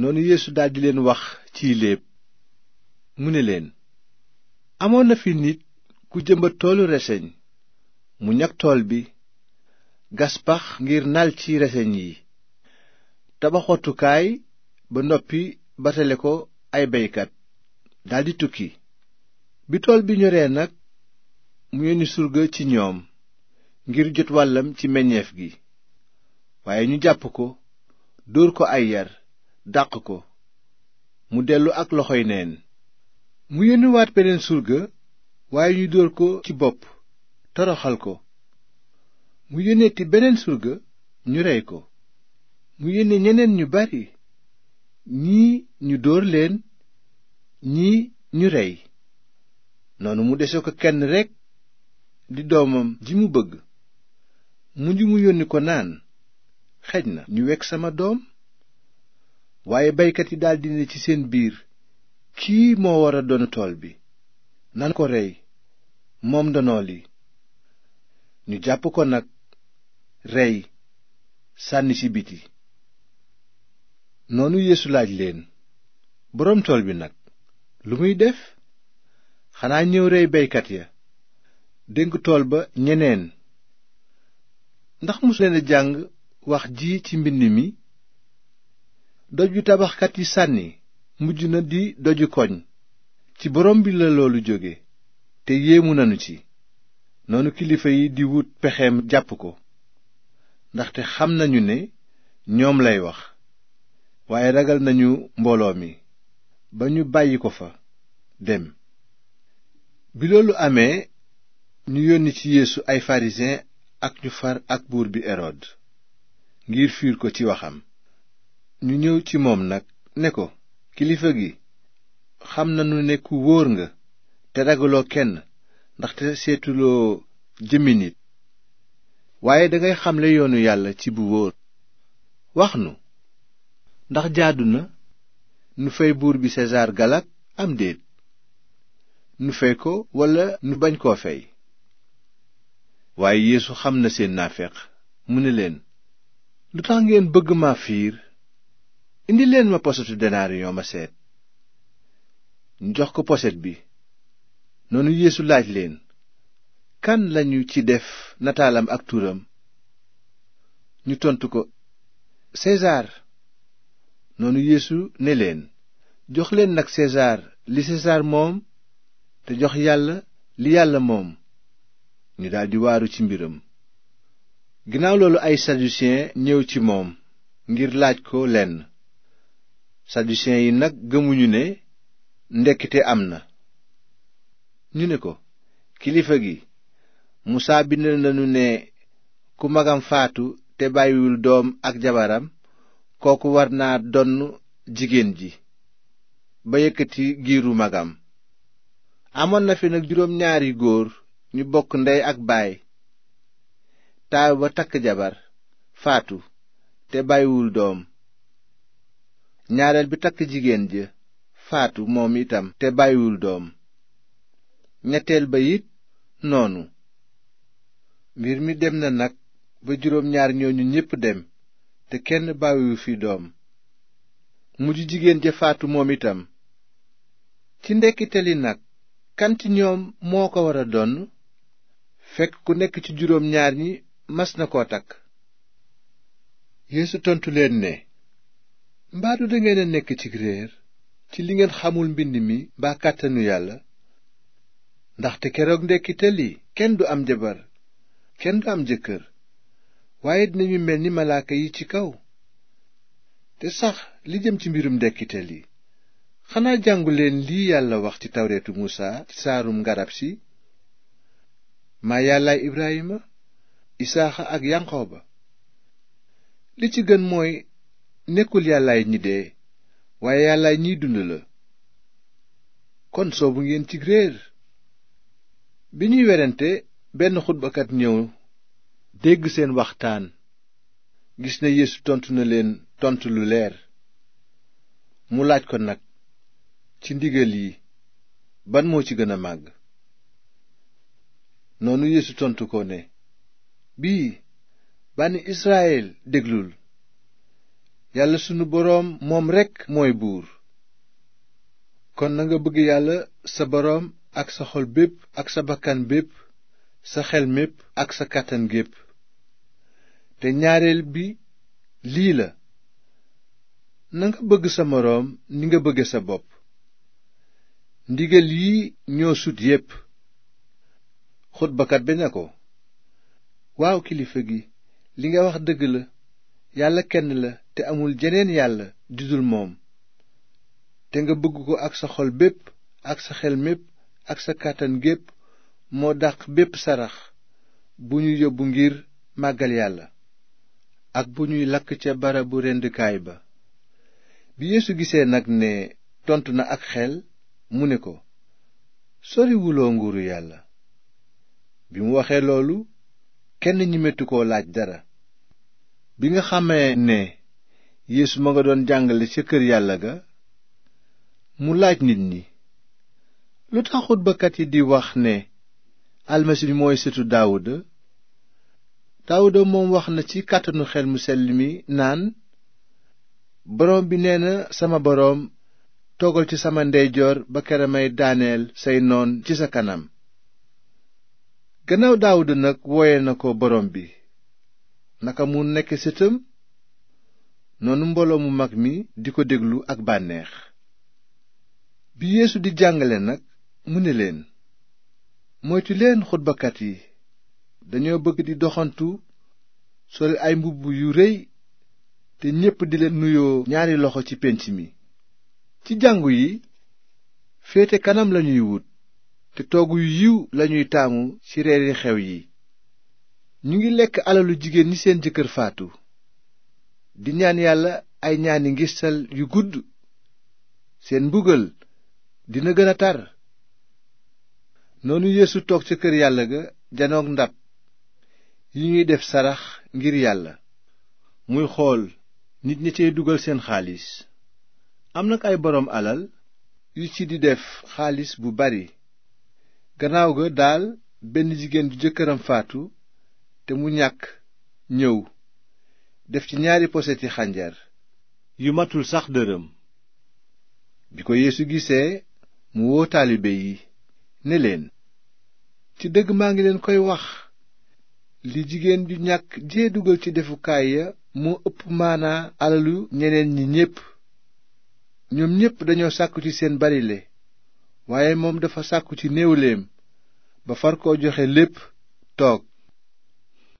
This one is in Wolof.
noonu yéesu daldi leen wax ciy léeb mu ne leen amoon na fi nit ku jëmbat toolu reseñ mu ñag tool bi gaspax ngir nal ci reseñ yi tabax wattukaay ba noppi batale ko ay beykat daldi tukki bi tool bi ñoree nag mu yónni surga ci ñoom ngir jot wàllam ci meññeef gi waaye ñu jàpp ko dóor ko ay yar dàq ko mu dellu ak loxoy neen mu yónniwaat beneen surga waaye ñu dóor ko ci bopp toroxal ko mu yónneeti beneen surga ñu rey ko mu yónne ñeneen ñu bari ñii ñu dóor leen ñii ñu rey noonu mu dese ko kenn rekk di doomam ji mu bëgg mujj mu yónni ko naan xej na ñu wekk sama doom waaye baykat yi daldi ne ci seen biir kii moo war a doon tool bi nan ko rey moom ndono li ñu jàpp ko nag rey sànni si biti noonu Yeesu laaj leen boroom tool bi nag lu muy def xanaa ñëw rey baykat ya dénk tool ba ñeneen ndax musu leen jàng wax ji ci mbind mi doj yu tabaxkat yi sànni mujj na di doju koñ ci borom bi la loolu jóge te yéemu nanu ci noonu kilifa yi di wut pexeem jàpp ko ndaxte xam nañu ne ñoom lay wax waaye ragal nañu mbooloo mi ba ñu bàyyi ko fa dem bi loolu amee ñu yónni ci yeesu ay farisiyen ak ñu far ak buur bi erod ngir fiir ko ci waxam ñu ñëw ci moom nag ne ko kilifa gi xam nañu ne ku wóor nga te ragaloo kenn ndaxte seetuloo jëmmi nit waaye dangay xamle yoonu yàlla ci bu wóor wax nu ndax jaadu na nu fay buur bi sesaar galak am déet nu fay ko walla nu bañ koo fay waaye yéesu xam na seen naafeq mu ne leen lu tax ngeen bëgg ma fiir indi leen ma posetu denaariyoo ma seet ñu jox ko poset bi noonu yéesu laaj leen kan lañu ci def nataalam ak turam ñu tontu ko sesaar noonu yeesu ne leen jox leen nag sesaar li sesaar moom te jox yàlla li yàlla moom ñu daldi waaru ci mbiram ginnaaw loolu ay sadusiyen ñëw ci moom ngir laaj ko lenn sadusiyen yi nag gëmuñu ne ndekkite am na ñu ne ko kilifa gi musaa bind nañu ne ku magam faatu te bàyyiwul doom ak jabaram kooku war naa donn jigéen ji ba yëkkati giiru magam amoon na fi nag juróom ñaari góor ñu bokk ndey ak baay taaw ba takk jabar faatu te bàyyiwul doom ñaareel bi takk jigéen ja faatu moom itam te bàyyiwul doom ñetteel ba it noonu mbir mi dem na nag ba juróom ñaar ñooñu ñépp dem te kenn bàyyiwu fi doom mujj jigéen ja faatu moom itam ci ndekkite li nag kan ñoom moo ko war a donn fekk ku nekk ci juróom ñaar ñi mas na koo takk Yeesu leen ne mbaadu dangeen a nekk ci réer ci li ngeen xamul mbind mi mbaa kàttanu yàlla ndaxte keroog ndekkite li kenn du am jabar kenn du am jëkkër waaye dinañu mel ni malaaka yi ci kaw te sax li jëm ci mbirum ndekkite li xanaa jànguleen lii yàlla wax ci tawreetu muusaa ci saarum ngarab si maa yàllaay ibraayima isaaxa ak yanqooba li ci gën mooy nekkul yàllaay ñi dee waaye yàllaay ñiy dund la kon soobu ngeen ci réer bi ñuy werante benn xutbakat ñëw dégg seen waxtaan gis na yeesu tontu na leen tontu lu leer mu laaj ko nag ci ndigal yi ban moo ci gën a màgg noonu yeesu tontu ko ne bii bànni israyil déglul yàlla sunu boroom moom rekk mooy buur kon nanga bëgg yàlla sa boroom ak sa xol bépp ak sa bakkan bépp sa xel mépp ak sa kàttan gépp te ñaareel bi lii la nanga bëgg sa moroom ni nga bëgge sa bopp ndigal yi ñoo sut yépp xutbakat bi ne ko waaw kilifa gi li nga wax dëgg la yàlla kenn la te amul jeneen yàlla ju moom te nga bëgg ko ak sa xol bépp ak sa xel mépp ak sa kàttan gépp moo dàq bépp sarax bu ñu yóbbu ngir màggal yàlla ak bu ñuy lakk ca bu rendukaay ba bi yeesu gisee nag ne tontu na ak xel mu ne ko soriwuloo nguuru yàlla bi mu waxee loolu kenn ñimetu ko laaj dara bi nga xamee ne yeesu ma nga doon jàngale ca kër yàlla ga mu laaj nit ñi lu tax xutbakat yi di wax ne almasi bi mooy sëtu daawuda daawuda moom wax na ci kàttanu xel mu sell mi naan borom bi nee na sama boroom toogal ci sama ndeyjoor ba kera may daaneel say noon ci sa kanam gannaaw daawuda nag wooye na ko boroom bi naka mu nekk sëtam noonu mbooloo mu mag mi di ko déglu ak bànneex bi yeesu di jàngale nag mu ni leen moytu leen xutbakat yi dañoo bëgg di doxantu sol ay mbubb yu rëy te ñépp di leen nuyoo ñaari loxo ci pénc mi ci jàngu yi féete kanam lañuy wut te toogu yu yiw lañuy taamu ci reeri xew yi ñu ngi lekk alalu jigéen ñi seen jëkkër faatu di ñaan yàlla ay ñaani ngistal yu gudd seen mbugal dina gën a tar noonu yéesu toog ca kër yàlla ga janoog ndab yi ñuy def sarax ngir yàlla muy xool nit ñi cay dugal seen xaalis am nag ay boroom alal yu ci di def xaalis bu bari gannaaw ga daal benn jigéen ju jëkkëram faatu te mu ñàkk ñëw def ci ñaari poseti xànjar yu matul sax dërëm bi ko yeesu gisee mu woo taalibe yi ne leen ci dëgg maa ngi leen koy wax li jigéen ju ñàkk jee dugal ci defukaay ya moo ëpp maanaa alalu ñeneen ñi ñépp ñoom ñépp dañoo sàkku ci seen barile waaye moom dafa sàkku ci néewleem ba far koo joxe lépp toog